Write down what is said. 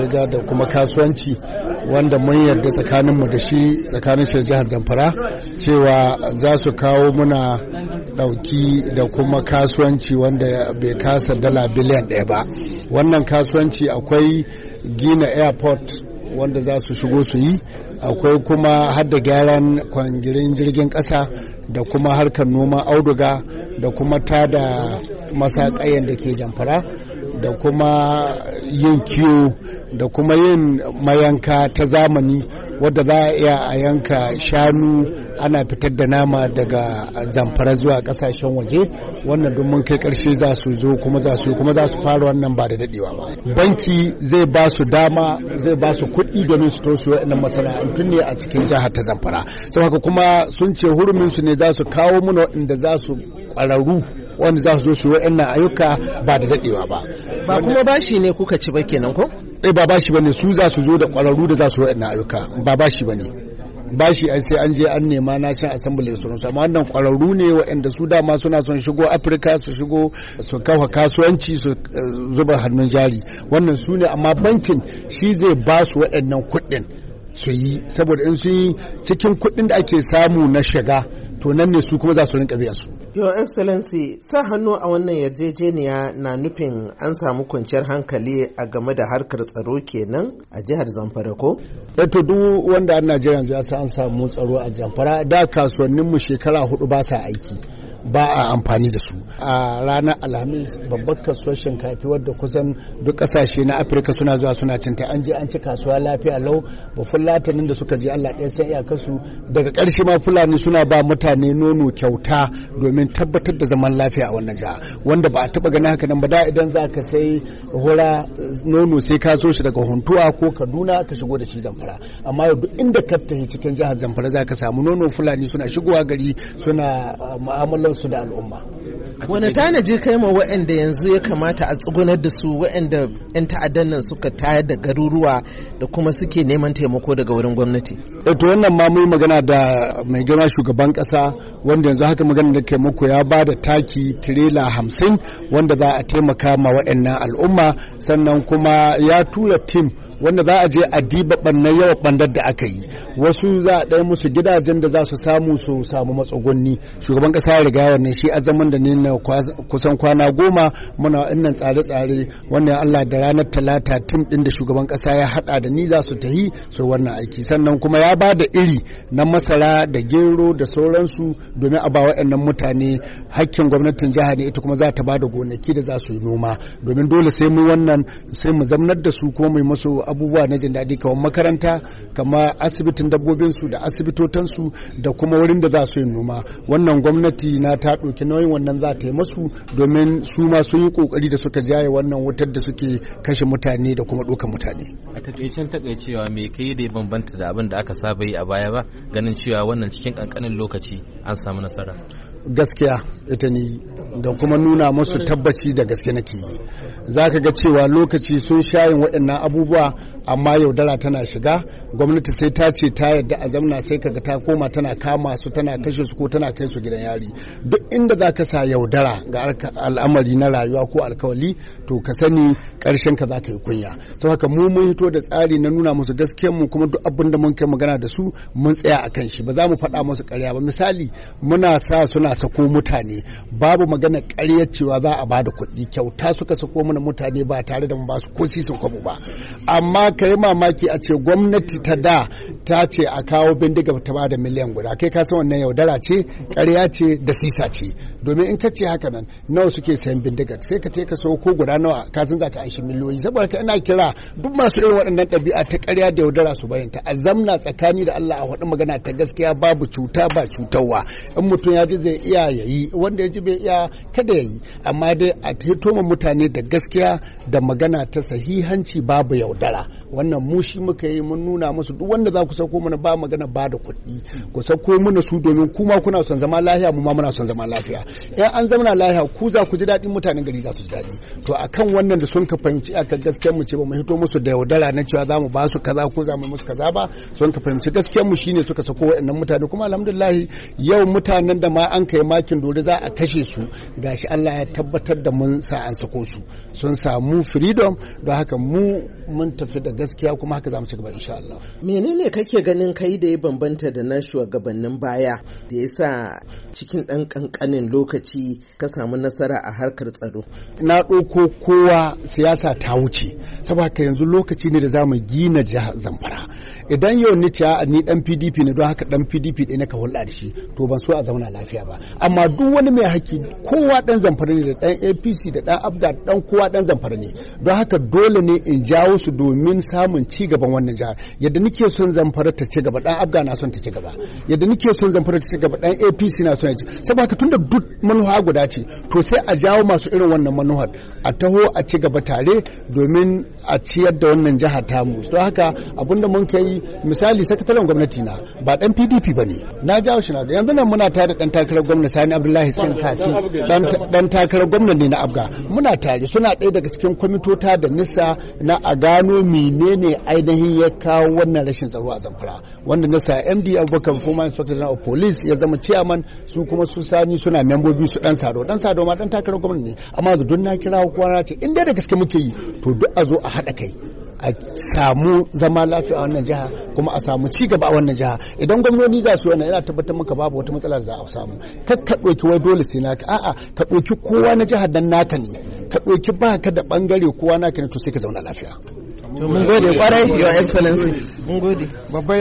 riga da kuma kasuwanci wanda mun yarda tsakaninmu da shi tsakanin shi jihar zamfara cewa za su kawo muna ɗauki da kuma kasuwanci wanda bai kasa dala biliyan ɗaya ba wannan kasuwanci akwai gina airport wanda za su shigo su yi akwai kuma hada gyaran kwangirin jirgin ƙasa da kuma harkar noman auduga da kuma tada masakayen da ke jamfara da kuma yin kiwo da kuma yin mayanka ta zamani wadda za a iya a yanka shanu ana fitar da nama daga zamfara zuwa kasashen waje wannan domin kai karshe za su zo kuma za su kuma za su fara wannan ba da dadewa ba banki zai ba su dama zai ba su kuɗi domin su tosu wa'annan masana'antu ne a cikin jihar ta zamfara saboda kuma sun ce hurumin su ne za su kawo mana inda za su kwararru wanda za su zo su yi ayyuka ba da daɗewa ba. Ba kuma bashi ne kuka ci ba kenan ko? Eh ba bashi bane su za su zo da kwararru da za su yi ayyuka ba bashi bane. bashi ai sai an je an nema na can assembly da sauransu amma wannan kwararru ne waɗanda su dama suna son shigo afirka su shigo su kafa kasuwanci su eh, zuba hannun jari wannan su ne amma bankin shi zai ba su waɗannan kuɗin su yi saboda in su yi cikin kuɗin da ake samu na shiga to nan ne su kuma za su rinka biyan su. Your Excellency, sa hannu a wannan yarjejeniya na nufin an samu kwanciyar hankali a game da harkar tsaro kenan a jihar Zamfara ko? Eh, to duk wanda a Najeriya yanzu ya an samu tsaro a Zamfara da kasuwanninmu shekara hudu ba sa aiki. ba a amfani da su a ranar alhamis babbar kasuwar shinkafi wadda kusan duk kasashe na afirka suna zuwa suna cinta an je an ci kasuwa lafiya lau ba fulatanin da suka je allah ɗaya san iyakarsu daga ƙarshe ma fulani suna ba mutane nono kyauta domin tabbatar da zaman lafiya a wannan jiha wanda ba a taɓa ganin haka nan ba da idan za ka sai hura eh, nono sai ka so shi daga huntuwa ko kaduna ka shigo da shi zamfara amma yau duk inda ka tafi cikin jihar zamfara za ka samu nono fulani suna shigowa gari suna eh, mu'amalar kansu da al'umma wani tanaji kai ma waɗanda yanzu ya kamata a tsugunar da su waɗanda 'yan ta'addan nan suka tayar da garuruwa da kuma suke neman taimako daga wurin gwamnati eh, to wannan ma mun magana da mai girma shugaban kasa wanda yanzu haka magana da kai muku ya ba da taki tirela hamsin wanda za a taimaka ma wa'annan al'umma sannan kuma ya tura tim wanda za a je a diba ɓannar yawan bandar da aka yi wasu za a ɗaya musu gidajen da za su samu su samu matsugunni shugaban kasa ya riga wannan shi a zaman da ne na kusan kwana goma muna innan tsare-tsare wanda Allah da ranar talata tim din da shugaban kasa ya haɗa da ni za su tahi su wannan aiki sannan kuma ya ba da iri na masara da gero da sauransu domin a ba waɗannan mutane hakkin gwamnatin jiha ne ita kuma za ta ba da gonaki da za su yi noma domin dole sai mu wannan sai mu zamnar da su kuma mu yi musu abubuwa na jin daɗi kamar makaranta kamar asibitin dabbobinsu da asibitotansu da kuma wurin da za su yi noma wannan gwamnati na ta ɗauki nauyin wannan za ta yi masu domin su ma sun yi ƙoƙari da suka jaye wannan wutar da suke kashe mutane da kuma ɗaukar mutane. a takaicen takaicewa me kai da bambanta da abin da aka saba yi a baya ba ganin cewa wannan cikin ƙanƙanin lokaci an samu nasara. gaskiya ita ni da kuma nuna musu tabbaci da gaske nake yi za ka ga cewa lokaci sun shayin waɗannan abubuwa amma yaudara tana shiga gwamnati sai ta ce ta yadda a zamna sai ka kaga ta koma tana kama su tana kashe su ko tana kai su gidan yari duk inda za ka sa yaudara ga al'amari na rayuwa ko alkawali to ka sani karshen ka za ka yi kunya sau haka mu mun hito da tsari na nuna musu gaskiyar mu kuma duk abin da mun kai magana da su mun tsaya a kan shi ba za mu faɗa musu karya ba misali muna sa suna a sako mutane babu magana ƙaryar cewa za a ba da kuɗi kyauta suka sako mana mutane ba tare da mu ba su ko sisin kwabo ba amma ka yi mamaki a ce gwamnati ta da ta ce a kawo bindiga ta da miliyan guda kai ka san wannan yaudara ce ƙarya ce da sisa ce domin in ka ce haka nan nawa suke sayan bindigar sai ka ka so ko guda nawa ka san za ka aishi miliyoyi saboda ka ina kira duk masu irin waɗannan ɗabi'a ta ƙarya da yaudara su bayanta a zamna tsakani da Allah a faɗi magana ta gaskiya babu cuta ba cutarwa in mutum ya ji zai iya ya yi wanda ya ji bai iya kada ya yi amma dai a taito mutane da gaskiya da magana ta sahihanci babu yaudara wannan mu shi muka yi mun nuna musu duk wanda za ku sako mana ba magana ba da kuɗi ku sako mana su domin kuma kuna son zama lafiya mu ma muna son zama lafiya in an zama lafiya ku za ku ji daɗin mutanen gari za su ji daɗi to akan wannan da sun ka fahimci aka gaskiya mu ce ba mu hito musu da yaudara na cewa za mu ba su kaza ko za mu musu kaza ba sun ka fahimci gaskiya mu shine suka sako waɗannan mutane kuma alhamdulillah yau mutanen da ma an an kai makin dori za a kashe su gashi Allah ya tabbatar da mun sa an sako su sun samu freedom don haka mu mun tafi da gaskiya kuma haka za mu ci gaba insha Allah menene kake ganin kai da ya bambanta da na shugabannin baya da ya sa cikin ɗan kankanin lokaci ka samu nasara a harkar tsaro na ɗauko kowa siyasa ta wuce saboda yanzu lokaci ne da za mu gina jihar zamfara idan yau ni ni dan pdp ne don haka dan pdp ɗaya na ka hulɗa da shi to ban so a zauna lafiya ba ba amma duk wani mai haki kowa dan zamfara ne da dan apc da dan abda da dan kowa dan zamfara ne don haka dole ne in jawo su domin samun ci gaban wannan jihar yadda nake son zamfara ta ci gaba dan abda na son ta ci gaba yadda nake son zamfara ta ci gaba dan apc na son ya ci saboda haka tunda duk manuha guda ce to sai a jawo masu irin wannan manuhar a taho a ci gaba tare domin a ciyar da wannan jihar tamu don haka abinda mun kai misali sakataren gwamnati na ba dan pdp ba ne na jawo shi na yanzu nan muna tare da dan takarar gwamna sani abdullahi tsin dan takarar gwamna ne na abga muna tare suna ɗaya daga cikin kwamitota da nisa na a gano menene ainihin ya kawo wannan rashin tsaro a zamfara wanda nisa md abubakar former inspector general of police ya zama chairman su kuma su sani suna membobi su dan sado dan sado ma dan takarar gwamna ne amma yanzu don na kira kwana ce in dai da gaske muke yi to duk a zo a haɗa kai a samu zama lafiya a wannan jiha kuma a samu ci gaba a wannan jiha idan gwamnoni za su wannan yana tabbatar maka babu wata matsala za a samu kar ka ɗauki wai dole sai naka a'a ka ɗauki kowa na jihar dan naka ne ka ɗauki baka da bangare kowa naka ne to sai ka zauna lafiya mun gode kwarai your excellency mun gode babba